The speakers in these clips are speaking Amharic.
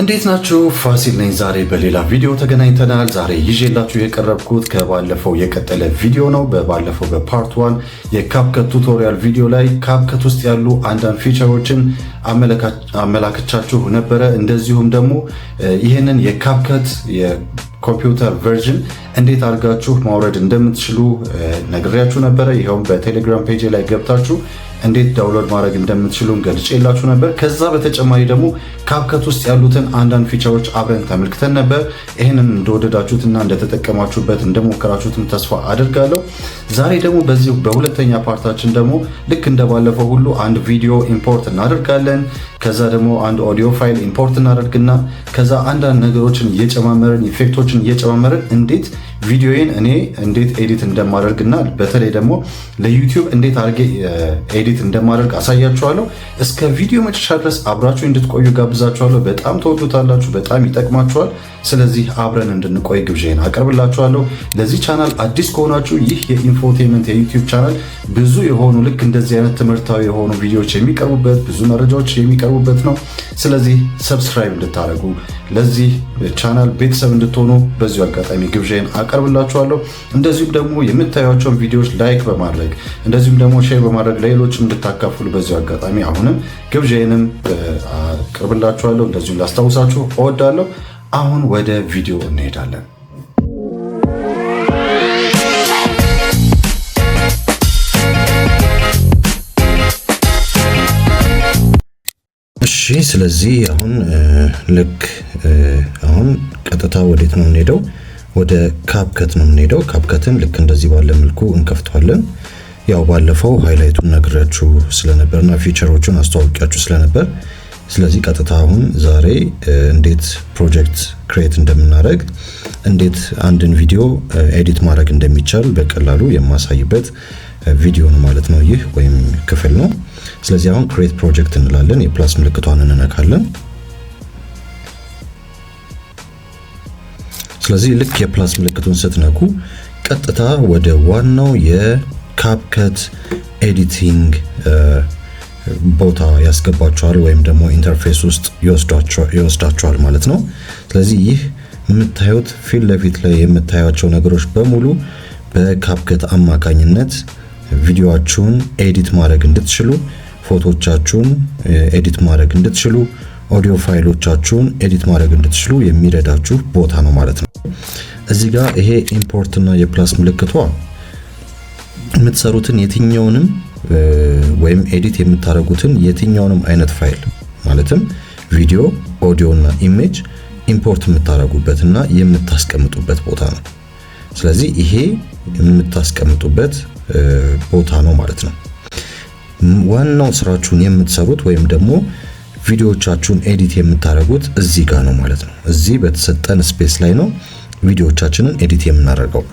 እንዴት ናችሁ? ፋሲል ነኝ። ዛሬ በሌላ ቪዲዮ ተገናኝተናል። ዛሬ ይዤላችሁ የቀረብኩት ከባለፈው የቀጠለ ቪዲዮ ነው። በባለፈው በፓርት ዋን የካፕከት ቱቶሪያል ቪዲዮ ላይ ካፕከት ውስጥ ያሉ አንዳንድ ፊቸሮችን አመላክቻችሁ ነበረ። እንደዚሁም ደግሞ ይህንን የካፕከት የኮምፒውተር ቨርዥን እንዴት አድርጋችሁ ማውረድ እንደምትችሉ ነግሬያችሁ ነበረ። ይኸውም በቴሌግራም ፔጅ ላይ ገብታችሁ እንዴት ዳውንሎድ ማድረግ እንደምትችሉ ገልጬላችሁ ነበር። ከዛ በተጨማሪ ደግሞ ካፕከት ውስጥ ያሉትን አንዳንድ ፊቸሮች አብረን ተመልክተን ነበር። ይህንን እንደወደዳችሁትና እንደተጠቀማችሁበት እንደሞከራችሁትም ተስፋ አድርጋለሁ። ዛሬ ደግሞ በዚ በሁለተኛ ፓርታችን ደግሞ ልክ እንደባለፈው ሁሉ አንድ ቪዲዮ ኢምፖርት እናደርጋለን። ከዛ ደግሞ አንድ ኦዲዮ ፋይል ኢምፖርት እናደርግና ከዛ አንዳንድ ነገሮችን እየጨማመርን ኢፌክቶችን እየጨማመርን እንዴት ቪዲዮዬን እኔ እንዴት ኤዲት እንደማደርግና በተለይ ደግሞ ለዩቲዩብ እንዴት አድርጌ ኤዲት እንደማደርግ አሳያችኋለሁ። እስከ ቪዲዮ መጨረሻ ድረስ አብራችሁ እንድትቆዩ ጋብዝ ጋብዛችኋለሁ። በጣም ተወዱታላችሁ፣ በጣም ይጠቅማችኋል። ስለዚህ አብረን እንድንቆይ ግብዣን አቀርብላችኋለሁ። ለዚህ ቻናል አዲስ ከሆናችሁ ይህ የኢንፎቴመንት የዩቲዩብ ቻናል ብዙ የሆኑ ልክ እንደዚህ አይነት ትምህርታዊ የሆኑ ቪዲዮዎች የሚቀርቡበት ብዙ መረጃዎች የሚቀርቡበት ነው። ስለዚህ ሰብስክራይብ እንድታደርጉ ለዚህ ቻናል ቤተሰብ እንድትሆኑ በዚሁ አጋጣሚ ግብዣን አቀርብላችኋለሁ። እንደዚሁም ደግሞ የምታዩቸውን ቪዲዮዎች ላይክ በማድረግ እንደዚሁም ደግሞ ሼር በማድረግ ለሌሎችም እንድታካፍሉ በዚሁ አጋጣሚ አሁንም ግብዣንም አቅርብላችኋለሁ። እንደዚሁም ላስታውሳችሁ እወዳለሁ። አሁን ወደ ቪዲዮ እንሄዳለን። እሺ፣ ስለዚህ አሁን ልክ አሁን ቀጥታ ወዴት ነው የምንሄደው? ወደ ካብከት ነው የምንሄደው። ካብከትን ልክ እንደዚህ ባለ መልኩ እንከፍተዋለን። ያው ባለፈው ሃይላይቱን ነግሬያችሁ ስለነበርና ፊቸሮቹን አስተዋውቂያችሁ ስለነበር ስለዚህ ቀጥታ አሁን ዛሬ እንዴት ፕሮጀክት ክሬት እንደምናደርግ እንዴት አንድን ቪዲዮ ኤዲት ማድረግ እንደሚቻል በቀላሉ የማሳይበት ቪዲዮ ነው ማለት ነው ይህ ወይም ክፍል ነው። ስለዚህ አሁን ክሬት ፕሮጀክት እንላለን። የፕላስ ምልክቷን እንነካለን። ስለዚህ ልክ የፕላስ ምልክቱን ስትነኩ ቀጥታ ወደ ዋናው የካፕከት ኤዲቲንግ ቦታ ያስገባቸዋል ወይም ደግሞ ኢንተርፌስ ውስጥ ይወስዳቸዋል ማለት ነው። ስለዚህ ይህ የምታዩት ፊት ለፊት ላይ የምታያቸው ነገሮች በሙሉ በካፕከት አማካኝነት ቪዲዮችሁን ኤዲት ማድረግ እንድትችሉ፣ ፎቶቻችሁን ኤዲት ማድረግ እንድትችሉ፣ ኦዲዮ ፋይሎቻችሁን ኤዲት ማድረግ እንድትችሉ የሚረዳችሁ ቦታ ነው ማለት ነው። እዚህ ጋር ይሄ ኢምፖርትና የፕላስ ምልክቷ የምትሰሩትን የትኛውንም ወይም ኤዲት የምታደርጉትን የትኛውንም አይነት ፋይል ማለትም ቪዲዮ፣ ኦዲዮ እና ኢሜጅ ኢምፖርት የምታደርጉበት እና የምታስቀምጡበት ቦታ ነው። ስለዚህ ይሄ የምታስቀምጡበት ቦታ ነው ማለት ነው። ዋናው ስራችሁን የምትሰሩት ወይም ደግሞ ቪዲዮዎቻችሁን ኤዲት የምታደርጉት እዚህ ጋር ነው ማለት ነው። እዚህ በተሰጠን ስፔስ ላይ ነው ቪዲዮዎቻችንን ኤዲት የምናደርገው።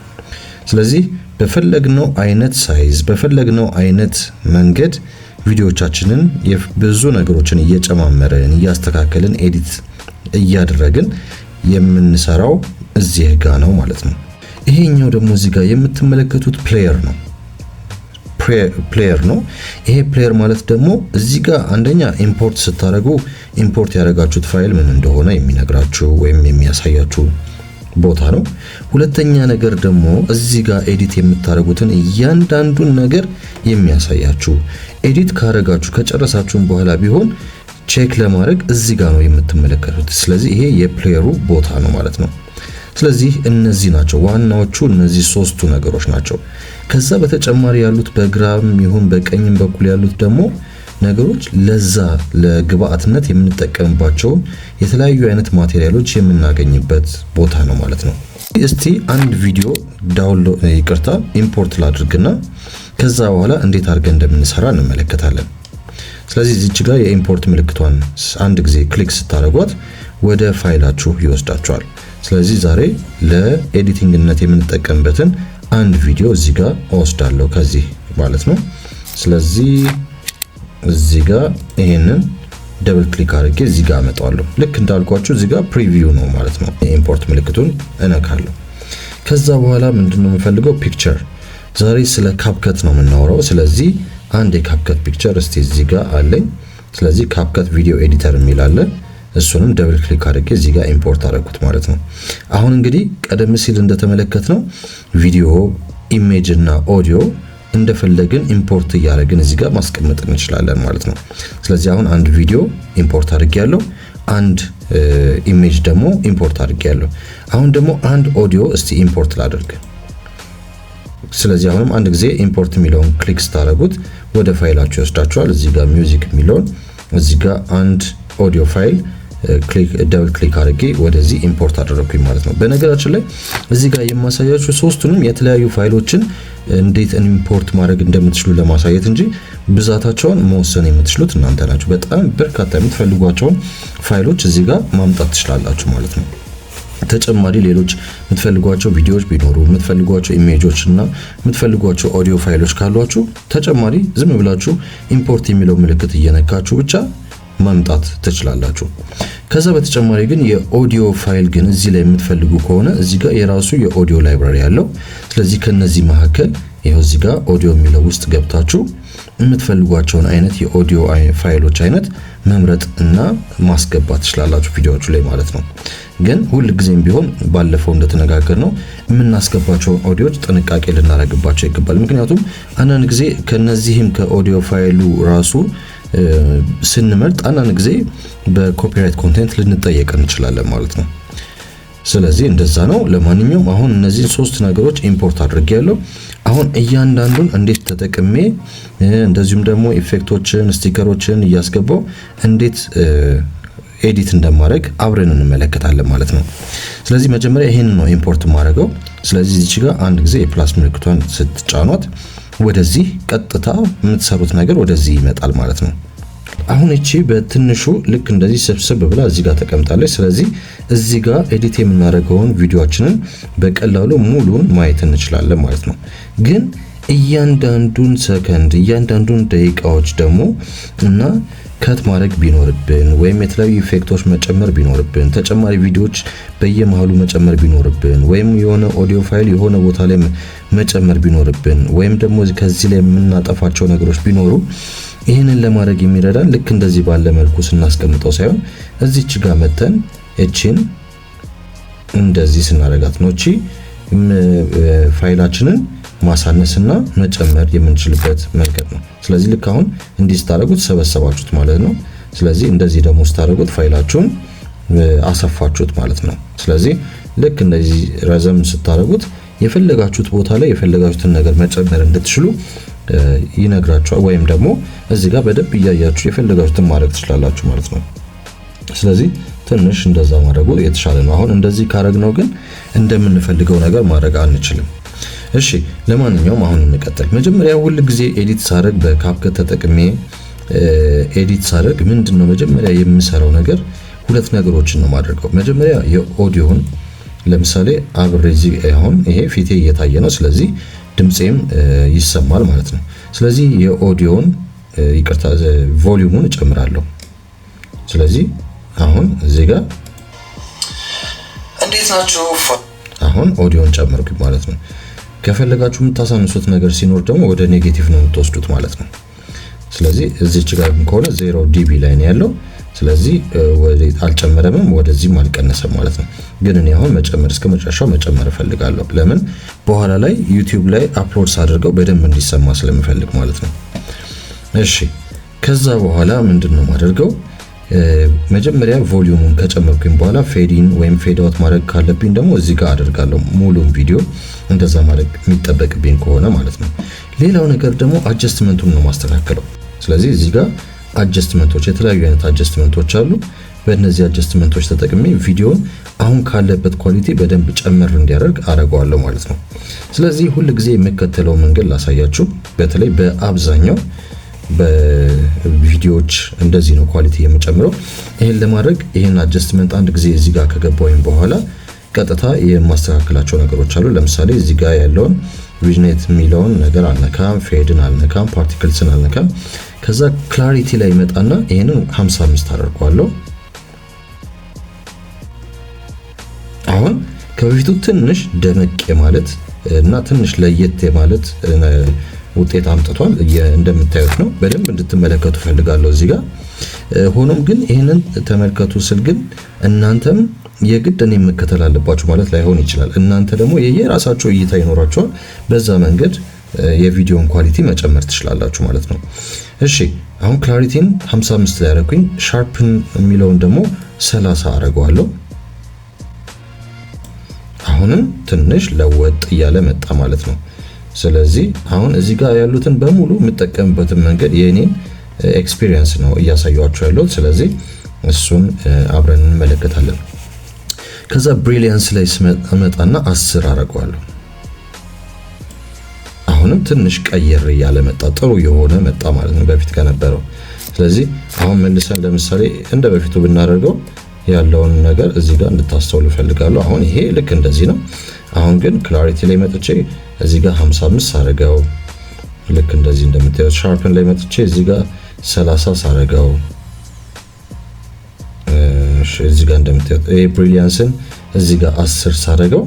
ስለዚህ በፈለግነው አይነት ሳይዝ በፈለግነው አይነት መንገድ ቪዲዮዎቻችንን ብዙ ነገሮችን እየጨማመረን እያስተካከልን ኤዲት እያደረግን የምንሰራው እዚህ ጋ ነው ማለት ነው። ይሄኛው ደግሞ እዚህ ጋ የምትመለከቱት ፕሌየር ነው ፕሌየር ነው። ይሄ ፕሌየር ማለት ደግሞ እዚህ ጋር አንደኛ ኢምፖርት ስታደርጉ ኢምፖርት ያደረጋችሁት ፋይል ምን እንደሆነ የሚነግራችሁ ወይም የሚያሳያችሁ ቦታ ነው። ሁለተኛ ነገር ደግሞ እዚህ ጋር ኤዲት የምታደርጉትን እያንዳንዱን ነገር የሚያሳያችሁ ኤዲት ካረጋችሁ ከጨረሳችሁ በኋላ ቢሆን ቼክ ለማድረግ እዚህ ጋር ነው የምትመለከቱት። ስለዚህ ይሄ የፕሌየሩ ቦታ ነው ማለት ነው። ስለዚህ እነዚህ ናቸው ዋናዎቹ፣ እነዚህ ሶስቱ ነገሮች ናቸው። ከዛ በተጨማሪ ያሉት በግራም ይሁን በቀኝም በኩል ያሉት ደግሞ ነገሮች ለዛ ለግብአትነት የምንጠቀምባቸውን የተለያዩ አይነት ማቴሪያሎች የምናገኝበት ቦታ ነው ማለት ነው። እስቲ አንድ ቪዲዮ ዳውንሎድ ይቅርታ ኢምፖርት ላድርግና ከዛ በኋላ እንዴት አድርገን እንደምንሰራ እንመለከታለን። ስለዚህ እዚች ጋር የኢምፖርት ምልክቷን አንድ ጊዜ ክሊክ ስታደርጓት ወደ ፋይላችሁ ይወስዳችኋል። ስለዚህ ዛሬ ለኤዲቲንግነት የምንጠቀምበትን አንድ ቪዲዮ እዚህ ጋር እወስዳለሁ ከዚህ ማለት ነው። ስለዚህ እዚህ ጋር ይሄንን ደብል ክሊክ አድርጌ እዚህ ጋር አመጣዋለሁ። ልክ እንዳልኳችሁ እዚህ ጋር ፕሪቪው ነው ማለት ነው። የኢምፖርት ምልክቱን እነካለሁ። ከዛ በኋላ ምንድነው የምፈልገው ፒክቸር። ዛሬ ስለ ካፕከት ነው የምናወራው። ስለዚህ አንድ የካፕከት ፒክቸር እስቲ እዚህ ጋር አለኝ። ስለዚህ ካፕከት ቪዲዮ ኤዲተር የሚላለን እሱንም ደብል ክሊክ አድርጌ እዚህ ጋር ኢምፖርት አደረኩት ማለት ነው። አሁን እንግዲህ ቀደም ሲል እንደተመለከት ነው ቪዲዮ፣ ኢሜጅ እና ኦዲዮ እንደፈለግን ኢምፖርት እያደረግን እዚህ ጋር ማስቀመጥ እንችላለን ማለት ነው። ስለዚህ አሁን አንድ ቪዲዮ ኢምፖርት አድርጌ ያለው አንድ ኢሜጅ ደግሞ ኢምፖርት አድርጌ ያለው አሁን ደግሞ አንድ ኦዲዮ እስቲ ኢምፖርት ላደርግ። ስለዚህ አሁንም አንድ ጊዜ ኢምፖርት የሚለውን ክሊክ ስታደረጉት ወደ ፋይላችሁ ይወስዳችኋል። እዚህ ጋር ሚውዚክ የሚለውን እዚህ ጋር አንድ ኦዲዮ ፋይል ደብል ክሊክ አድርጌ ወደዚህ ኢምፖርት አደረግኩኝ ማለት ነው። በነገራችን ላይ እዚህ ጋር የማሳያችሁ ሶስቱንም የተለያዩ ፋይሎችን እንዴት ኢምፖርት ማድረግ እንደምትችሉ ለማሳየት እንጂ ብዛታቸውን መወሰን የምትችሉት እናንተ ናችሁ። በጣም በርካታ የምትፈልጓቸውን ፋይሎች እዚህ ጋር ማምጣት ትችላላችሁ ማለት ነው። ተጨማሪ ሌሎች የምትፈልጓቸው ቪዲዮዎች ቢኖሩ የምትፈልጓቸው ኢሜጆች እና የምትፈልጓቸው ኦዲዮ ፋይሎች ካሏችሁ ተጨማሪ ዝም ብላችሁ ኢምፖርት የሚለው ምልክት እየነካችሁ ብቻ ማምጣት ትችላላችሁ። ከዛ በተጨማሪ ግን የኦዲዮ ፋይል ግን እዚህ ላይ የምትፈልጉ ከሆነ እዚህ ጋር የራሱ የኦዲዮ ላይብራሪ አለው ስለዚህ ከነዚህ መካከል ይኸው እዚህ ጋር ኦዲዮ የሚለው ውስጥ ገብታችሁ የምትፈልጓቸውን አይነት የኦዲዮ ፋይሎች አይነት መምረጥ እና ማስገባት ትችላላችሁ ቪዲዮዎቹ ላይ ማለት ነው። ግን ሁል ጊዜም ቢሆን ባለፈው እንደተነጋገር ነው የምናስገባቸውን ኦዲዮዎች ጥንቃቄ ልናደርግባቸው ይገባል። ምክንያቱም አንዳንድ ጊዜ ከነዚህም ከኦዲዮ ፋይሉ ራሱ ስንመርጥ አንዳንድ ጊዜ በኮፒራይት ኮንቴንት ልንጠየቅ እንችላለን ማለት ነው። ስለዚህ እንደዛ ነው። ለማንኛውም አሁን እነዚህን ሶስት ነገሮች ኢምፖርት አድርጌ ያለው አሁን እያንዳንዱን እንዴት ተጠቅሜ እንደዚሁም ደግሞ ኢፌክቶችን፣ ስቲከሮችን እያስገባው እንዴት ኤዲት እንደማድረግ አብረን እንመለከታለን ማለት ነው። ስለዚህ መጀመሪያ ይህንን ነው ኢምፖርት ማድረገው። ስለዚህ እዚች ጋር አንድ ጊዜ የፕላስ ምልክቷን ስትጫኗት ወደዚህ ቀጥታ የምትሰሩት ነገር ወደዚህ ይመጣል ማለት ነው። አሁን እቺ በትንሹ ልክ እንደዚህ ስብስብ ብላ እዚህ ጋር ተቀምጣለች። ስለዚህ እዚህ ጋር ኤዲት የምናደርገውን ቪዲዮችንን በቀላሉ ሙሉን ማየት እንችላለን ማለት ነው። ግን እያንዳንዱን ሰከንድ እያንዳንዱን ደቂቃዎች ደግሞ እና ከት ማድረግ ቢኖርብን ወይም የተለያዩ ኢፌክቶች መጨመር ቢኖርብን ተጨማሪ ቪዲዮዎች በየመሃሉ መጨመር ቢኖርብን ወይም የሆነ ኦዲዮ ፋይል የሆነ ቦታ ላይ መጨመር ቢኖርብን ወይም ደግሞ ከዚህ ላይ የምናጠፋቸው ነገሮች ቢኖሩ ይህንን ለማድረግ የሚረዳን ልክ እንደዚህ ባለ መልኩ ስናስቀምጠው ሳይሆን እዚች ጋር መተን እቺን እንደዚህ ስናረጋት ነው እቺ ፋይላችንን ማሳነስና መጨመር የምንችልበት መንገድ ነው። ስለዚህ ልክ አሁን እንዲህ ስታደረጉት ሰበሰባችሁት ማለት ነው። ስለዚህ እንደዚህ ደግሞ ስታደረጉት ፋይላችሁን አሰፋችሁት ማለት ነው። ስለዚህ ልክ እንደዚህ ረዘም ስታደረጉት የፈለጋችሁት ቦታ ላይ የፈለጋችሁትን ነገር መጨመር እንድትችሉ ይነግራችኋል። ወይም ደግሞ እዚህ ጋር በደንብ እያያችሁ የፈለጋችሁትን ማድረግ ትችላላችሁ ማለት ነው። ስለዚህ ትንሽ እንደዛ ማድረጉ የተሻለ ነው። አሁን እንደዚህ ካረግ ነው ግን እንደምንፈልገው ነገር ማድረግ አንችልም። እሺ ለማንኛውም አሁን እንቀጥል። መጀመሪያ ሁል ጊዜ ኤዲት ሳረግ በካፕከት ተጠቅሜ ኤዲት ሳረግ ምንድን ነው መጀመሪያ የምሰራው ነገር ሁለት ነገሮችን ነው ማድረገው። መጀመሪያ የኦዲዮን ለምሳሌ አብሬ እዚህ አሁን ይሄ ፊቴ እየታየ ነው፣ ስለዚህ ድምፄም ይሰማል ማለት ነው። ስለዚህ የኦዲዮን ይቅርታ ቮሊዩሙን እጨምራለሁ። ስለዚህ አሁን እዚህ ጋር እንዴት ናችሁ? አሁን ኦዲዮን ጨምርኩኝ ማለት ነው። ከፈለጋችሁ የምታሳንሱት ነገር ሲኖር ደግሞ ወደ ኔጌቲቭ ነው የምትወስዱት ማለት ነው። ስለዚህ እዚች ጋር ከሆነ ዜሮ ዲቢ ላይ ነው ያለው። ስለዚህ አልጨመረምም፣ ወደዚህም አልቀነሰም ማለት ነው። ግን እኔ አሁን መጨመር እስከ መጨረሻው መጨመር እፈልጋለሁ። ለምን በኋላ ላይ ዩቲዩብ ላይ አፕሎድ ሳደርገው በደንብ እንዲሰማ ስለምፈልግ ማለት ነው። እሺ ከዛ በኋላ ምንድን ነው ማደርገው መጀመሪያ ቮሊዩሙን ከጨመርኩኝ በኋላ ፌዲን ወይም ፌድ አውት ማድረግ ካለብኝ ደግሞ እዚህ ጋር አደርጋለሁ። ሙሉን ቪዲዮ እንደዛ ማድረግ የሚጠበቅብኝ ከሆነ ማለት ነው። ሌላው ነገር ደግሞ አጀስትመንቱን ነው ማስተካከለው። ስለዚህ እዚህ ጋር አጀስትመንቶች፣ የተለያዩ አይነት አጀስትመንቶች አሉ። በእነዚህ አጀስትመንቶች ተጠቅሜ ቪዲዮን አሁን ካለበት ኳሊቲ በደንብ ጨመር እንዲያደርግ አደርገዋለሁ ማለት ነው። ስለዚህ ሁል ጊዜ የምከተለው መንገድ ላሳያችሁ። በተለይ በአብዛኛው በቪዲዮዎች እንደዚህ ነው ኳሊቲ የምጨምረው። ይህን ለማድረግ ይህን አጀስትመንት አንድ ጊዜ እዚህ ጋር ከገባሁኝ በኋላ ቀጥታ የማስተካከላቸው ነገሮች አሉ። ለምሳሌ እዚህ ጋር ያለውን ሪጅኔት የሚለውን ነገር አልነካም፣ ፌድን አልነካም፣ ፓርቲክልስን አልነካም። ከዛ ክላሪቲ ላይ ይመጣና ይህንን 55 አደርገዋለሁ። አሁን ከበፊቱ ትንሽ ደመቅ ማለት እና ትንሽ ለየት ማለት ውጤት አምጥቷል። እንደምታዩት ነው። በደንብ እንድትመለከቱ ፈልጋለሁ እዚህ ጋር። ሆኖም ግን ይህንን ተመልከቱ ስል ግን እናንተም የግድ እኔ መከተል አለባችሁ ማለት ላይሆን ይችላል። እናንተ ደግሞ የየራሳችሁ እይታ ይኖራችኋል። በዛ መንገድ የቪዲዮን ኳሊቲ መጨመር ትችላላችሁ ማለት ነው። እሺ አሁን ክላሪቲን 55 ላይ አረኩኝ። ሻርፕን የሚለውን ደግሞ 30 አረገዋለሁ። አሁንም ትንሽ ለወጥ እያለ መጣ ማለት ነው። ስለዚህ አሁን እዚህ ጋር ያሉትን በሙሉ የምጠቀምበትን መንገድ የእኔን ኤክስፒሪየንስ ነው እያሳያችሁ ያለሁት። ስለዚህ እሱን አብረን እንመለከታለን። ከዛ ብሪሊየንስ ላይ ስመጣና አስር አረገዋለሁ። አሁንም ትንሽ ቀየር እያለ መጣ፣ ጥሩ የሆነ መጣ ማለት ነው በፊት ከነበረው። ስለዚህ አሁን መልሰን ለምሳሌ እንደ በፊቱ ብናደርገው ያለውን ነገር እዚህ ጋር እንድታስተውሉ እፈልጋለሁ። አሁን ይሄ ልክ እንደዚህ ነው። አሁን ግን ክላሪቲ ላይ መጥቼ እዚ ጋር 55 ሳረገው ልክ እንደዚህ እንደምታዩት ሻርፕን ላይ መጥቼ እዚ ጋር 30 ሳረገው እዚ ጋር እንደምታዩት ይሄ ብሪሊያንስን እዚ ጋር 10 ሳረገው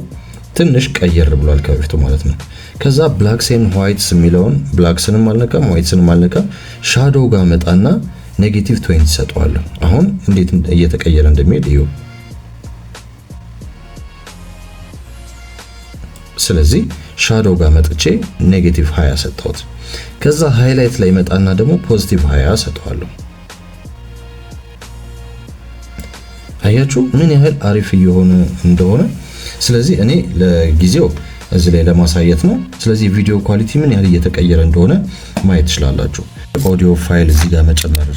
ትንሽ ቀየር ብሏል ከበፊቱ ማለት ነው። ከዛ ብላክስን ዋይትስ የሚለውን ብላክስንም አልነካም ዋይትስንም አልነካም። ሻዶው ጋር መጣና ኔጌቲቭ ትዌንቲ ሰጠዋለሁ። አሁን እንዴት እየተቀየረ እንደሚሄድ እዩ። ስለዚህ ሻዶው ጋር መጥቼ ኔጌቲቭ 20 ሰጠሁት። ከዛ ሃይላይት ላይ መጣና ደግሞ ፖዚቲቭ 20 ሰጠዋለሁ። አያችሁ ምን ያህል አሪፍ እየሆነ እንደሆነ። ስለዚህ እኔ ለጊዜው እዚህ ላይ ለማሳየት ነው። ስለዚህ ቪዲዮ ኳሊቲ ምን ያህል እየተቀየረ እንደሆነ ማየት ትችላላችሁ። ኦዲዮ ፋይል እዚህ ጋር መጨመር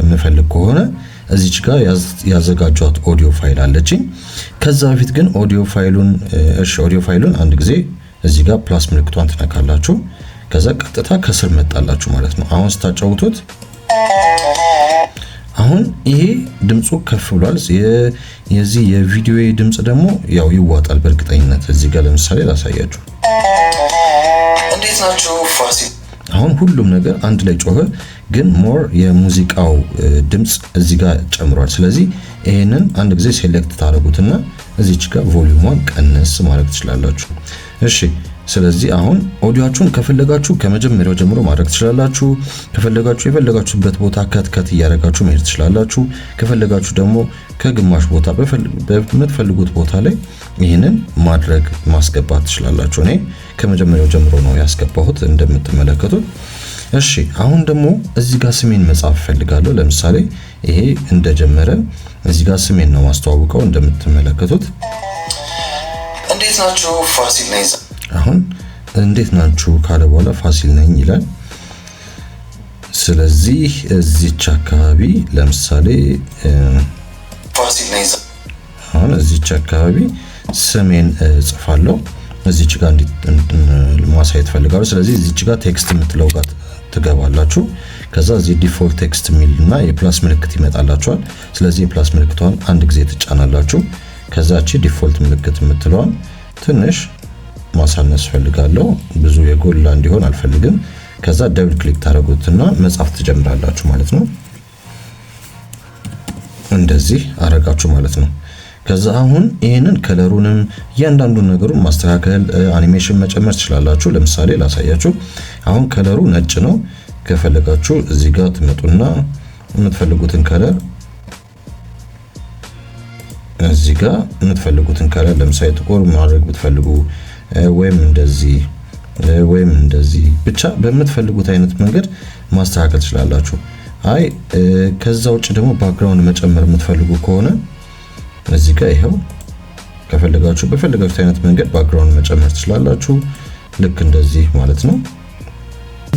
የምፈልግ ከሆነ እዚች ጋር ያዘጋጇት ኦዲዮ ፋይል አለችኝ። ከዛ በፊት ግን ኦዲዮ ፋይሉን እሺ፣ ኦዲዮ ፋይሉን አንድ ጊዜ እዚህ ጋር ፕላስ ምልክቷን ትነካላችሁ። ከዛ ቀጥታ ከስር መጣላችሁ ማለት ነው። አሁን ስታጫውቱት አሁን ይሄ ድምፁ ከፍ ብሏል። የዚህ የቪዲዮ ድምፅ ደግሞ ያው ይዋጣል በእርግጠኝነት። እዚህ ጋር ለምሳሌ ላሳያችሁ። እንዴት ናችሁ ፋሲል አሁን ሁሉም ነገር አንድ ላይ ጮኸ፣ ግን ሞር የሙዚቃው ድምፅ እዚህ ጋር ጨምሯል። ስለዚህ ይህንን አንድ ጊዜ ሴሌክት ታደረጉትና እዚች ጋር ቮሊዩሟን ቀነስ ማለት ትችላላችሁ። እሺ ስለዚህ አሁን ኦዲያችሁን ከፈለጋችሁ ከመጀመሪያው ጀምሮ ማድረግ ትችላላችሁ። ከፈለጋችሁ የፈለጋችሁበት ቦታ ከትከት እያደረጋችሁ መሄድ ትችላላችሁ። ከፈለጋችሁ ደግሞ ከግማሽ ቦታ በምትፈልጉት ቦታ ላይ ይህንን ማድረግ ማስገባት ትችላላችሁ። እኔ ከመጀመሪያው ጀምሮ ነው ያስገባሁት እንደምትመለከቱት። እሺ አሁን ደግሞ እዚህ ጋር ስሜን መጻፍ እፈልጋለሁ። ለምሳሌ ይሄ እንደጀመረ እዚህ ጋር ስሜን ነው ማስተዋውቀው እንደምትመለከቱት። እንዴት ናችሁ? ፋሲል ነኝ አሁን እንዴት ናችሁ ካለ በኋላ ፋሲል ነኝ ይላል። ስለዚህ እዚች አካባቢ ለምሳሌ አሁን እዚች አካባቢ ስሜን ጽፋለሁ። እዚች ጋ ማሳየት ፈልጋሉ። ስለዚህ እዚች ጋ ቴክስት የምትለው ጋር ትገባላችሁ። ከዛ እዚህ ዲፎልት ቴክስት የሚል እና የፕላስ ምልክት ይመጣላችኋል። ስለዚህ የፕላስ ምልክቷን አንድ ጊዜ ትጫናላችሁ። ከዛች ዲፎልት ምልክት የምትለዋን ትንሽ ማሳነስ ፈልጋለሁ። ብዙ የጎላ እንዲሆን አልፈልግም። ከዛ ደብል ክሊክ ታደረጉትና መጻፍ ትጀምራላችሁ ማለት ነው። እንደዚህ አረጋችሁ ማለት ነው። ከዛ አሁን ይህንን ከለሩንም እያንዳንዱን ነገሩን ማስተካከል፣ አኒሜሽን መጨመር ትችላላችሁ። ለምሳሌ ላሳያችሁ። አሁን ከለሩ ነጭ ነው። ከፈለጋችሁ እዚህ ጋር ትመጡና የምትፈልጉትን ከለር እዚህ ጋር የምትፈልጉትን ከለር ለምሳሌ ጥቁር ማድረግ ብትፈልጉ ወይም እንደዚህ ወይም እንደዚህ ብቻ በምትፈልጉት አይነት መንገድ ማስተካከል ትችላላችሁ። አይ ከዛ ውጭ ደግሞ ባክግራውንድ መጨመር የምትፈልጉ ከሆነ እዚህ ጋር ይኸው ከፈለጋችሁ በፈለጋችሁት አይነት መንገድ ባክግራውንድ መጨመር ትችላላችሁ። ልክ እንደዚህ ማለት ነው።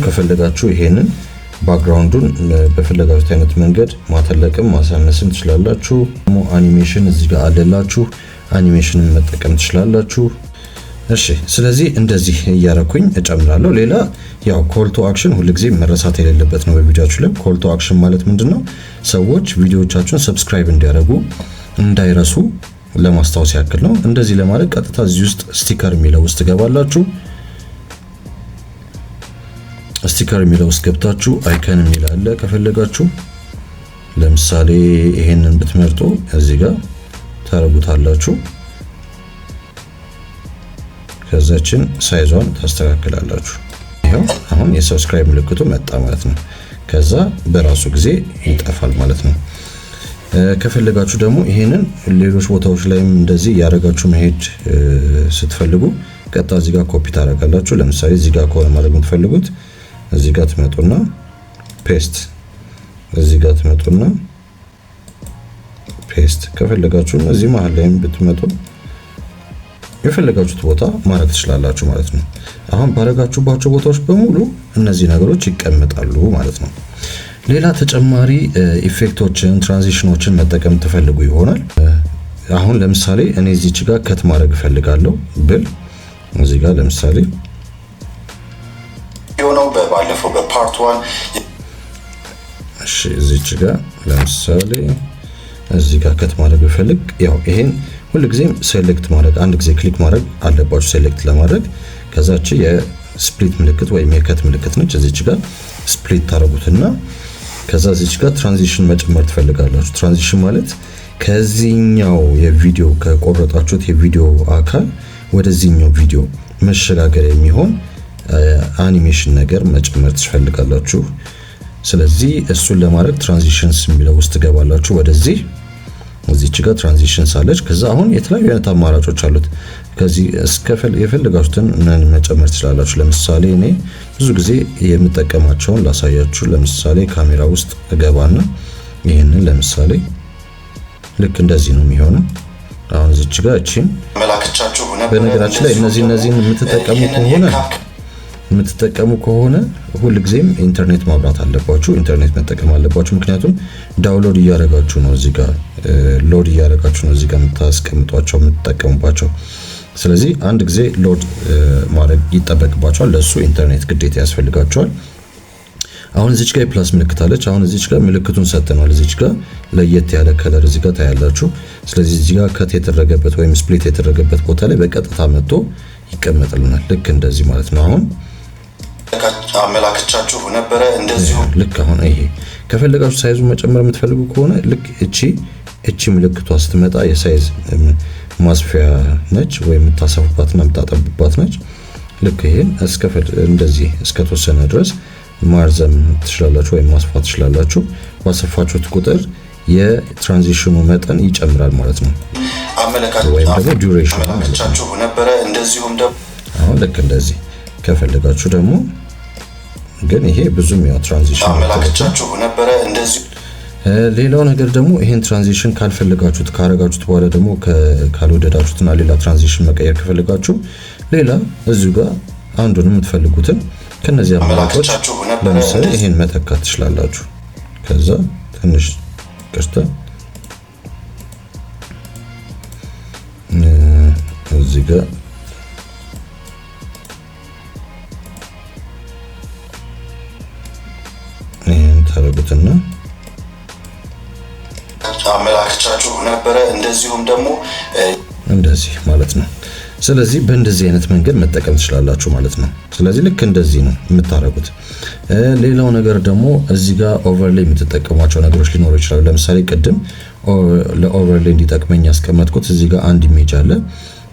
ከፈለጋችሁ ይሄንን ባክግራውንዱን በፈለጋችሁት አይነት መንገድ ማተለቅም ማሳነስም ትችላላችሁ። አኒሜሽን እዚህ ጋር አለላችሁ። አኒሜሽንን መጠቀም ትችላላችሁ። እሺ ስለዚህ እንደዚህ እያረኩኝ እጨምራለሁ። ሌላ ያው ኮል አክሽን ሁልጊዜ መረሳት የሌለበት ነው። በቪዲዮቹ ላይ ኮል አክሽን ማለት ምንድን ነው? ሰዎች ቪዲዮዎቻችሁን ሰብስክራይብ እንዲያደርጉ እንዳይረሱ ለማስታወስ ያክል ነው። እንደዚህ ለማድረግ ቀጥታ እዚህ ውስጥ ስቲከር የሚለው ውስጥ ገባላችሁ። ስቲከር የሚለው ውስጥ ገብታችሁ አይከን የሚል አለ። ከፈለጋችሁ ለምሳሌ ይሄንን ብትመርጡ እዚህ ጋር ታረጉታላችሁ። ከዛችን ሳይዟን ታስተካክላላችሁ። ይኸው አሁን የሰብስክራይብ ምልክቱ መጣ ማለት ነው። ከዛ በራሱ ጊዜ ይጠፋል ማለት ነው። ከፈለጋችሁ ደግሞ ይሄንን ሌሎች ቦታዎች ላይም እንደዚህ እያደረጋችሁ መሄድ ስትፈልጉ ቀጥታ እዚህ ጋር ኮፒ ታደርጋላችሁ። ለምሳሌ እዚህ ጋር ከሆነ ማድረግ የምትፈልጉት እዚህ ጋር ትመጡና ፔስት፣ እዚህ ጋር ትመጡና ፔስት። ከፈለጋችሁ እዚህ መሀል ላይም ብትመጡ የፈለጋችሁት ቦታ ማድረግ ትችላላችሁ ማለት ነው። አሁን ባረጋችሁባቸው ቦታዎች በሙሉ እነዚህ ነገሮች ይቀመጣሉ ማለት ነው። ሌላ ተጨማሪ ኢፌክቶችን ትራንዚሽኖችን መጠቀም ትፈልጉ ይሆናል። አሁን ለምሳሌ እኔ እዚች ጋር ከት ማድረግ እፈልጋለሁ ብል እዚህ ጋር ለምሳሌ የሆነው ባለፈው በፓርት ዋን እሺ፣ እዚች ጋር ለምሳሌ እዚህ ጋር ከት ማድረግ ብፈልግ ያው ይሄን ሁልጊዜም ሴሌክት ማድረግ አንድ ጊዜ ክሊክ ማድረግ አለባችሁ ሴሌክት ለማድረግ ከዛች የስፕሊት ምልክት ወይም የከት ምልክት ነች እዚች ጋር ስፕሊት ታደረጉትና ከዛ እዚች ጋር ትራንዚሽን መጨመር ትፈልጋላችሁ ትራንዚሽን ማለት ከዚህኛው የቪዲዮ ከቆረጣችሁት የቪዲዮ አካል ወደዚህኛው ቪዲዮ መሸጋገር የሚሆን አኒሜሽን ነገር መጨመር ትፈልጋላችሁ ስለዚህ እሱን ለማድረግ ትራንዚሽንስ የሚለው ውስጥ ትገባላችሁ ወደዚህ እዚች ጋር ትራንዚሽን ሳለች ከዛ አሁን የተለያዩ አይነት አማራጮች አሉት። ከዚህ እስከፈል የፈለጋችሁትን ምን መጨመር ትችላላችሁ። ለምሳሌ እኔ ብዙ ጊዜ የምጠቀማቸውን ላሳያችሁ። ለምሳሌ ካሜራ ውስጥ እገባና ይህንን ለምሳሌ ልክ እንደዚህ ነው የሚሆነው። አሁን እዚች ጋር እቺን በነገራችን ላይ እነዚህ እነዚህን የምትጠቀሙ ከሆነ የምትጠቀሙ ከሆነ ሁልጊዜም ኢንተርኔት ማብራት አለባችሁ፣ ኢንተርኔት መጠቀም አለባችሁ። ምክንያቱም ዳውንሎድ እያደረጋችሁ ነው እዚህ ጋር ሎድ እያደረጋችሁ ነው እዚህ ጋር የምታስቀምጧቸው የምትጠቀሙባቸው። ስለዚህ አንድ ጊዜ ሎድ ማድረግ ይጠበቅባቸዋል። ለእሱ ኢንተርኔት ግዴታ ያስፈልጋቸዋል። አሁን እዚች ጋር የፕላስ ምልክት አለች። አሁን እዚች ጋር ምልክቱን ሰጥተናል። እዚች ጋር ለየት ያለ ከለር እዚህ ጋር ታያላችሁ። ስለዚህ እዚህ ጋር ከት የተደረገበት ወይም ስፕሊት የተደረገበት ቦታ ላይ በቀጥታ መጥቶ ይቀመጥልናል። ልክ እንደዚህ ማለት ነው አሁን አመላክቻችሁ ነበረ። እንደዚሁ ልክ አሁን ይሄ ከፈለጋችሁ ሳይዙ መጨመር የምትፈልጉ ከሆነ ልክ እቺ እቺ ምልክቷ ስትመጣ የሳይዝ ማስፊያ ነች፣ ወይም የምታሰፉባትና የምታጠቡባት ነች። ልክ ይሄን እንደዚህ እስከተወሰነ ድረስ ማርዘም ትችላላችሁ ወይም ማስፋት ትችላላችሁ። ባሰፋችሁት ቁጥር የትራንዚሽኑ መጠን ይጨምራል ማለት ነው። ወይም ደግሞ ዲዩሬሽኑ ነበረ። እንደዚሁም ደግሞ አሁን ልክ እንደዚህ ከፈለጋችሁ ደግሞ ግን ይሄ ብዙም ያው ትራንዚሽን አመላክቻችሁ ነበረ። እንደዚህ ሌላው ነገር ደግሞ ይሄን ትራንዚሽን ካልፈለጋችሁት ካረጋችሁት በኋላ ደግሞ ካልወደዳችሁትና ሌላ ትራንዚሽን መቀየር ከፈለጋችሁ ሌላ እዚሁ ጋር አንዱን የምትፈልጉትን ከነዚህ አማራጮች ለምሳሌ ይሄን መተካት ትችላላችሁ። ከዛ ትንሽ ቅርተ እዚህ ጋር ያደረኩትና አመላክቻችሁ ነበረ። እንደዚሁም ደግሞ እንደዚህ ማለት ነው። ስለዚህ በእንደዚህ አይነት መንገድ መጠቀም ትችላላችሁ ማለት ነው። ስለዚህ ልክ እንደዚህ ነው የምታደርጉት። ሌላው ነገር ደግሞ እዚህ ጋር ኦቨርሌይ የምትጠቀሟቸው ነገሮች ሊኖሩ ይችላሉ። ለምሳሌ ቅድም ለኦቨርሌይ እንዲጠቅመኝ ያስቀመጥኩት እዚህ ጋር አንድ ኢሜጅ አለ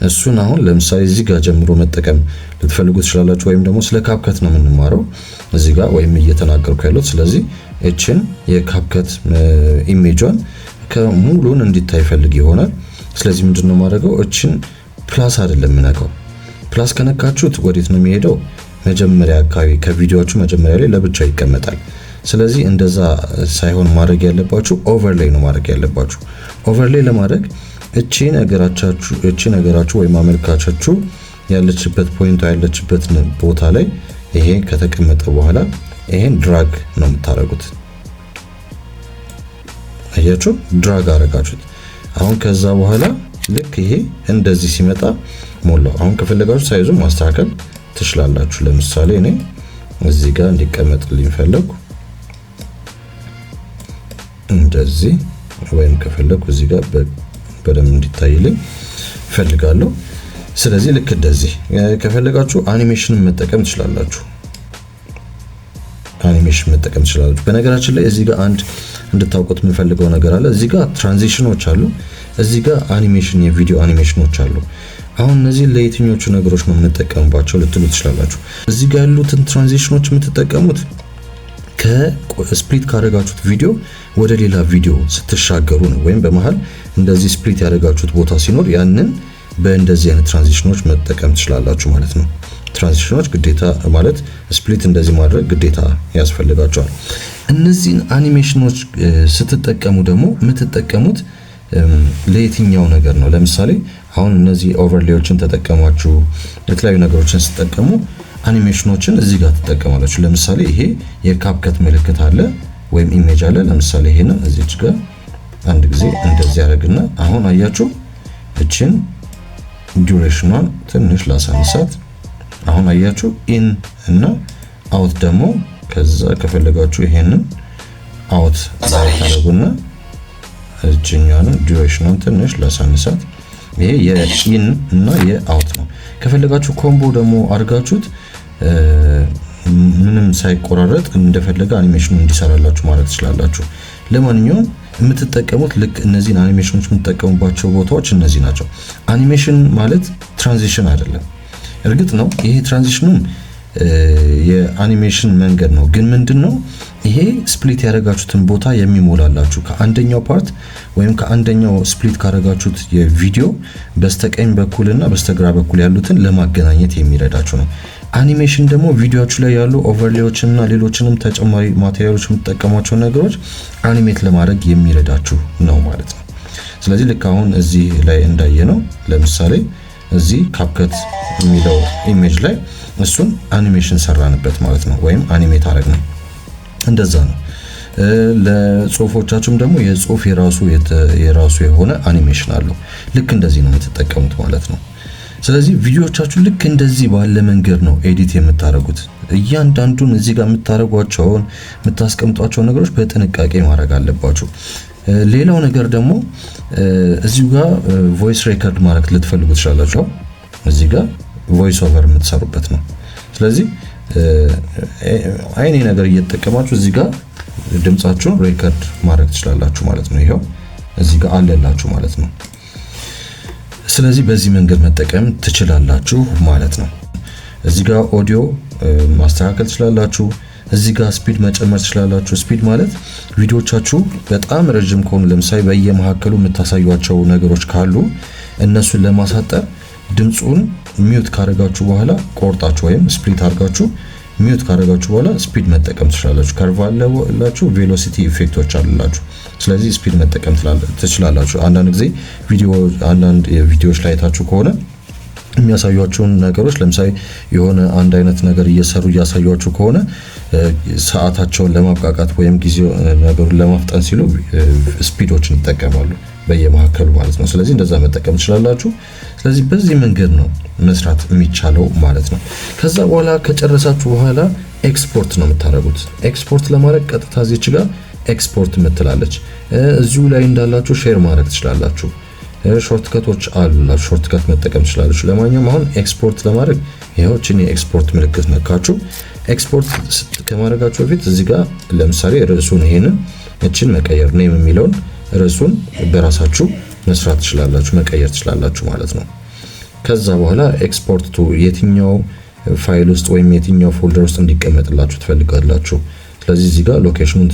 እሱን አሁን ለምሳሌ እዚህ ጋር ጀምሮ መጠቀም ልትፈልጉ ትችላላችሁ። ወይም ደግሞ ስለ ካፕከት ነው የምንማረው እዚህ ጋር ወይም እየተናገርኩ ያለሁት። ስለዚህ እችን የካፕከት ኢሜጇን ከሙሉን እንዲታይ ፈልግ ይሆናል። ስለዚህ ምንድን ነው ማድረገው? እችን ፕላስ አይደለም የምነካው። ፕላስ ከነካችሁት ወዴት ነው የሚሄደው? መጀመሪያ አካባቢ ከቪዲዮዎቹ መጀመሪያ ላይ ለብቻው ይቀመጣል። ስለዚህ እንደዛ ሳይሆን ማድረግ ያለባችሁ ኦቨርሌይ ነው ማድረግ ያለባችሁ። ኦቨርሌይ ለማድረግ እቺ ነገራቻችሁ እቺ ነገራችሁ ወይም አመልካቻችሁ ያለችበት ፖይንቷ ያለችበት ቦታ ላይ ይሄ ከተቀመጠ በኋላ ይሄን ድራግ ነው የምታደርጉት። አያችሁ፣ ድራግ አረጋችሁት። አሁን ከዛ በኋላ ልክ ይሄ እንደዚህ ሲመጣ ሞላው። አሁን ከፈለጋችሁ ሳይዙ ማስተካከል ትችላላችሁ። ለምሳሌ እኔ እዚህ ጋር እንዲቀመጥልኝ ፈለኩ፣ እንደዚህ ወይም ከፈለኩ እዚህ ጋር በደንብ እንዲታይልኝ ፈልጋለሁ ስለዚህ ልክ እንደዚህ ከፈለጋችሁ አኒሜሽንን መጠቀም ትችላላችሁ። አኒሜሽን መጠቀም ትችላላችሁ። በነገራችን ላይ እዚህ ጋር አንድ እንድታውቁት የምንፈልገው ነገር አለ። እዚህ ጋር ትራንዚሽኖች አሉ። እዚህ ጋር አኒሜሽን የቪዲዮ አኒሜሽኖች አሉ። አሁን እነዚህ ለየትኞቹ ነገሮች ነው የምንጠቀምባቸው ልትሉ ትችላላችሁ። እዚህ ጋር ያሉትን ትራንዚሽኖች የምትጠቀሙት ከስፕሊት ካደረጋችሁት ቪዲዮ ወደ ሌላ ቪዲዮ ስትሻገሩ ነው። ወይም በመሀል እንደዚህ ስፕሊት ያደረጋችሁት ቦታ ሲኖር ያንን በእንደዚህ አይነት ትራንዚሽኖች መጠቀም ትችላላችሁ ማለት ነው። ትራንዚሽኖች ግዴታ ማለት ስፕሊት እንደዚህ ማድረግ ግዴታ ያስፈልጋቸዋል። እነዚህን አኒሜሽኖች ስትጠቀሙ ደግሞ የምትጠቀሙት ለየትኛው ነገር ነው? ለምሳሌ አሁን እነዚህ ኦቨርሌዎችን ተጠቀማችሁ የተለያዩ ነገሮችን ስትጠቀሙ አኒሜሽኖችን እዚህ ጋር ትጠቀማላችሁ። ለምሳሌ ይሄ የካፕከት ምልክት አለ ወይም ኢሜጅ አለ። ለምሳሌ ይሄን እዚች ጋር አንድ ጊዜ እንደዚህ ያደርግና አሁን አያችሁ እችን ዱሬሽኗን ትንሽ ላሳንሳት። አሁን አያችሁ ኢን እና አውት ደግሞ ከዛ ከፈለጋችሁ ይሄንን አውት ታደርጉና እችኛዋንም ዱሬሽኗን ትንሽ ላሳንሳት። ይሄ የኢን እና የአውት ነው። ከፈለጋችሁ ኮምቦ ደግሞ አድርጋችሁት ምንም ሳይቆራረጥ እንደፈለገ አኒሜሽኑ እንዲሰራላችሁ ማድረግ ትችላላችሁ። ለማንኛውም የምትጠቀሙት ልክ እነዚህን አኒሜሽኖች የምትጠቀሙባቸው ቦታዎች እነዚህ ናቸው። አኒሜሽን ማለት ትራንዚሽን አይደለም። እርግጥ ነው ይሄ ትራንዚሽኑም የአኒሜሽን መንገድ ነው። ግን ምንድን ነው ይሄ ስፕሊት ያደረጋችሁትን ቦታ የሚሞላላችሁ ከአንደኛው ፓርት ወይም ከአንደኛው ስፕሊት ካደረጋችሁት የቪዲዮ በስተቀኝ በኩልና በስተግራ በኩል ያሉትን ለማገናኘት የሚረዳችሁ ነው። አኒሜሽን ደግሞ ቪዲዮችሁ ላይ ያሉ ኦቨርሌዎችንና ሌሎችንም ተጨማሪ ማቴሪያሎች የምትጠቀሟቸውን ነገሮች አኒሜት ለማድረግ የሚረዳችሁ ነው ማለት ነው። ስለዚህ ልክ አሁን እዚህ ላይ እንዳየ ነው። ለምሳሌ እዚህ ካፕከት የሚለው ኢሜጅ ላይ እሱን አኒሜሽን ሰራንበት ማለት ነው፣ ወይም አኒሜት ነው። እንደዛ ነው። ለጽሁፎቻችሁም ደግሞ የጽሁፍ የራሱ የራሱ የሆነ አኒሜሽን አለው። ልክ እንደዚህ ነው የምትጠቀሙት ማለት ነው። ስለዚህ ቪዲዮዎቻችሁ ልክ እንደዚህ ባለ መንገድ ነው ኤዲት የምታደርጉት። እያንዳንዱን እዚህ ጋር የምታደርጓቸውን የምታስቀምጧቸውን ነገሮች በጥንቃቄ ማድረግ አለባችሁ። ሌላው ነገር ደግሞ እዚሁ ጋር ቮይስ ሬከርድ ማድረግ ልትፈልጉ ትችላላችሁ። እዚህ ጋር ቮይስ ኦቨር የምትሰሩበት ነው። ስለዚህ አይኔ ነገር እየተጠቀማችሁ እዚህ ጋር ድምፃችሁን ሬከርድ ማድረግ ትችላላችሁ ማለት ነው። ይኸው እዚህ ጋር አለላችሁ ማለት ነው። ስለዚህ በዚህ መንገድ መጠቀም ትችላላችሁ ማለት ነው። እዚህ ጋር ኦዲዮ ማስተካከል ትችላላችሁ። እዚህ ጋር ስፒድ መጨመር ትችላላችሁ። ስፒድ ማለት ቪዲዮቻችሁ በጣም ረዥም ከሆኑ ለምሳሌ በየመካከሉ የምታሳዩቸው ነገሮች ካሉ እነሱን ለማሳጠር ድምፁን ሚዩት ካረጋችሁ በኋላ ቆርጣችሁ ወይም ስፕሊት አድርጋችሁ ሚዩት ካረጋችሁ በኋላ ስፒድ መጠቀም ትችላላችሁ። ከርቭ አለላችሁ፣ ቬሎሲቲ ኢፌክቶች አሉላችሁ። ስለዚህ ስፒድ መጠቀም ትችላላችሁ። አንዳንድ ጊዜ አንዳንድ ቪዲዮዎች ላይ አይታችሁ ከሆነ የሚያሳዩቸውን ነገሮች ለምሳሌ የሆነ አንድ አይነት ነገር እየሰሩ እያሳዩቸው ከሆነ ሰዓታቸውን ለማብቃቃት ወይም ጊዜ ነገሩን ለማፍጠን ሲሉ ስፒዶችን ይጠቀማሉ። በየመካከሉ ማለት ነው። ስለዚህ እንደዛ መጠቀም ትችላላችሁ። ስለዚህ በዚህ መንገድ ነው መስራት የሚቻለው ማለት ነው። ከዛ በኋላ ከጨረሳችሁ በኋላ ኤክስፖርት ነው የምታደርጉት። ኤክስፖርት ለማድረግ ቀጥታ እዚች ጋር ኤክስፖርት የምትላለች እዚሁ ላይ እንዳላችሁ ሼር ማድረግ ትችላላችሁ። ሾርትከቶች አሉላችሁ፣ ሾርትከት መጠቀም ትችላለች። ለማንኛውም አሁን ኤክስፖርት ለማድረግ ይኸው የኤክስፖርት ምልክት ነካችሁ። ኤክስፖርት ከማድረጋችሁ በፊት እዚህ ጋር ለምሳሌ ርዕሱን ይሄንን እችን መቀየር ኔም የሚለውን ርዕሱን በራሳችሁ መስራት ትችላላችሁ፣ መቀየር ትችላላችሁ ማለት ነው። ከዛ በኋላ ኤክስፖርት ቱ የትኛው ፋይል ውስጥ ወይም የትኛው ፎልደር ውስጥ እንዲቀመጥላችሁ ትፈልጋላችሁ? ስለዚህ እዚህ ጋር ሎኬሽኑን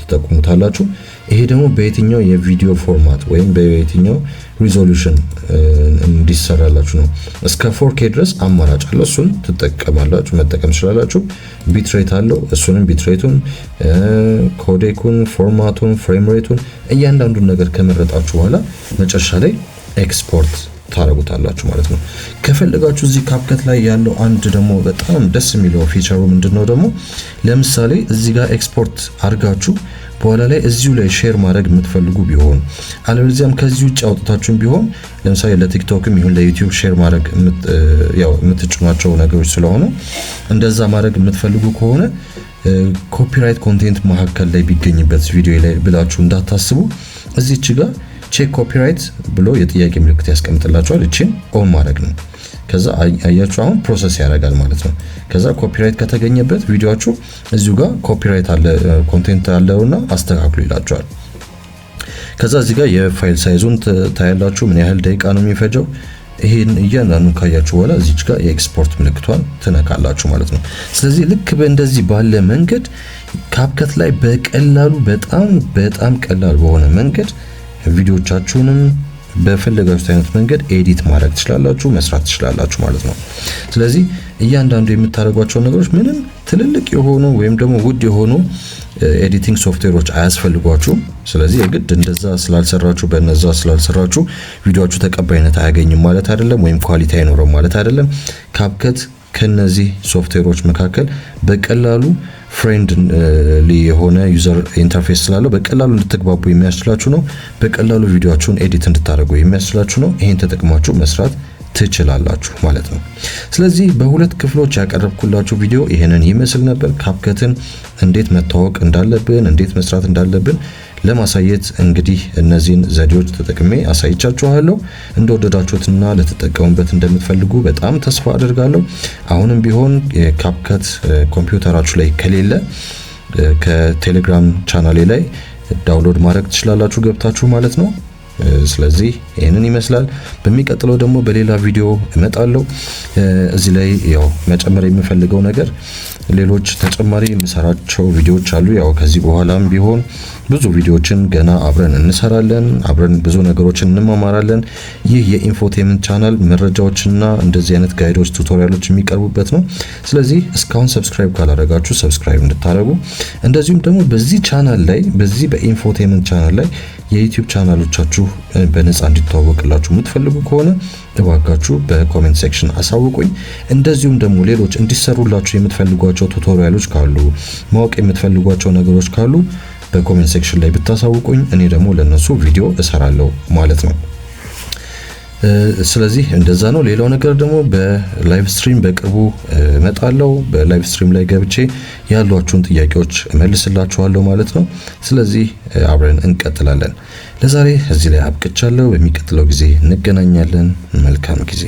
ትጠቁሙታላችሁ። ይሄ ደግሞ በየትኛው የቪዲዮ ፎርማት ወይም በየትኛው ሪዞሉሽን እንዲሰራላችሁ ነው። እስከ ፎርኬ ድረስ አማራጭ አለ። እሱን ትጠቀማላችሁ መጠቀም ትችላላችሁ። ቢትሬት አለው። እሱንም ቢትሬቱን፣ ኮዴኩን፣ ፎርማቱን፣ ፍሬምሬቱን እያንዳንዱን ነገር ከመረጣችሁ በኋላ መጨረሻ ላይ ኤክስፖርት ታደረጉታላችሁ ማለት ነው። ከፈለጋችሁ እዚህ ካፕከት ላይ ያለው አንድ ደግሞ በጣም ደስ የሚለው ፊቸሩ ምንድን ነው ደግሞ ለምሳሌ እዚህ ጋር ኤክስፖርት አድርጋችሁ በኋላ ላይ እዚሁ ላይ ሼር ማድረግ የምትፈልጉ ቢሆን አለበለዚያም ከዚህ ውጭ አውጥታችሁም ቢሆን ለምሳሌ ለቲክቶክም ይሁን ለዩቲዩብ ሼር ማድረግ የምትጭኗቸው ነገሮች ስለሆኑ እንደዛ ማድረግ የምትፈልጉ ከሆነ ኮፒራይት ኮንቴንት መካከል ላይ ቢገኝበት ቪዲዮ ላይ ብላችሁ እንዳታስቡ እዚች ጋር ቼክ ኮፒራይት ብሎ የጥያቄ ምልክት ያስቀምጥላቸዋል። እችን ኦን ማድረግ ነው። ከዛ አያችሁ አሁን ፕሮሰስ ያደርጋል ማለት ነው። ከዛ ኮፒራይት ከተገኘበት ቪዲዮችሁ እዚሁ ጋር ኮፒራይት አለ ኮንቴንት አለውና አስተካክሉ ይላቸዋል። ከዛ እዚህ ጋር የፋይል ሳይዙን ታያላችሁ። ምን ያህል ደቂቃ ነው የሚፈጀው? ይህን እያንዳንዱ ካያችሁ በኋላ እዚች ጋር የኤክስፖርት ምልክቷን ትነካላችሁ ማለት ነው። ስለዚህ ልክ በእንደዚህ ባለ መንገድ ካፕከት ላይ በቀላሉ በጣም በጣም ቀላል በሆነ መንገድ ቪዲዮቻችሁንም በፈለጋችሁት አይነት መንገድ ኤዲት ማድረግ ትችላላችሁ፣ መስራት ትችላላችሁ ማለት ነው። ስለዚህ እያንዳንዱ የምታደርጓቸው ነገሮች ምንም ትልልቅ የሆኑ ወይም ደግሞ ውድ የሆኑ ኤዲቲንግ ሶፍትዌሮች አያስፈልጓችሁም። ስለዚህ የግድ እንደዛ ስላልሰራችሁ በነዛ ስላልሰራችሁ ቪዲዮችሁ ተቀባይነት አያገኝም ማለት አይደለም፣ ወይም ኳሊቲ አይኖረም ማለት አይደለም። ካፕከት ከነዚህ ሶፍትዌሮች መካከል በቀላሉ ፍሬንድሊ የሆነ ዩዘር ኢንተርፌስ ስላለው በቀላሉ እንድትግባቡ የሚያስችላችሁ ነው። በቀላሉ ቪዲዮችሁን ኤዲት እንድታደርጉ የሚያስችላችሁ ነው። ይህን ተጠቅማችሁ መስራት ትችላላችሁ ማለት ነው። ስለዚህ በሁለት ክፍሎች ያቀረብኩላችሁ ቪዲዮ ይህንን ይመስል ነበር። ካፕከትን እንዴት መታወቅ እንዳለብን፣ እንዴት መስራት እንዳለብን ለማሳየት እንግዲህ እነዚህን ዘዴዎች ተጠቅሜ አሳይቻችኋለሁ። እንደወደዳችሁትና ለተጠቀሙበት እንደምትፈልጉ በጣም ተስፋ አድርጋለሁ። አሁንም ቢሆን የካፕከት ኮምፒውተራችሁ ላይ ከሌለ ከቴሌግራም ቻናሌ ላይ ዳውንሎድ ማድረግ ትችላላችሁ ገብታችሁ ማለት ነው። ስለዚህ ይህንን ይመስላል። በሚቀጥለው ደግሞ በሌላ ቪዲዮ እመጣለሁ። እዚህ ላይ ያው መጨመር የምፈልገው ነገር ሌሎች ተጨማሪ የምሰራቸው ቪዲዮዎች አሉ። ያው ከዚህ በኋላም ቢሆን ብዙ ቪዲዮዎችን ገና አብረን እንሰራለን፣ አብረን ብዙ ነገሮችን እንማማራለን። ይህ የኢንፎቴምን ቻናል መረጃዎችና እንደዚህ አይነት ጋይዶች፣ ቱቶሪያሎች የሚቀርቡበት ነው። ስለዚህ እስካሁን ሰብስክራይብ ካላደረጋችሁ ሰብስክራይብ እንድታደረጉ እንደዚሁም ደግሞ በዚህ ቻናል ላይ በዚህ በኢንፎቴመንት ቻናል ላይ የዩቲዩብ ቻናሎቻችሁ በነፃ እንዲተዋወቅላችሁ የምትፈልጉ ከሆነ እባካችሁ በኮሜንት ሴክሽን አሳውቁኝ። እንደዚሁም ደግሞ ሌሎች እንዲሰሩላችሁ የምትፈልጓቸው ቱቶሪያሎች ካሉ፣ ማወቅ የምትፈልጓቸው ነገሮች ካሉ በኮሜንት ሴክሽን ላይ ብታሳውቁኝ እኔ ደግሞ ለነሱ ቪዲዮ እሰራለሁ ማለት ነው። ስለዚህ እንደዛ ነው። ሌላው ነገር ደግሞ በላይቭ ስትሪም በቅርቡ እመጣለሁ። በላይቭ ስትሪም ላይ ገብቼ ያሏችሁን ጥያቄዎች እመልስላችኋለሁ ማለት ነው። ስለዚህ አብረን እንቀጥላለን። ለዛሬ እዚህ ላይ አብቅቻለሁ። በሚቀጥለው ጊዜ እንገናኛለን። መልካም ጊዜ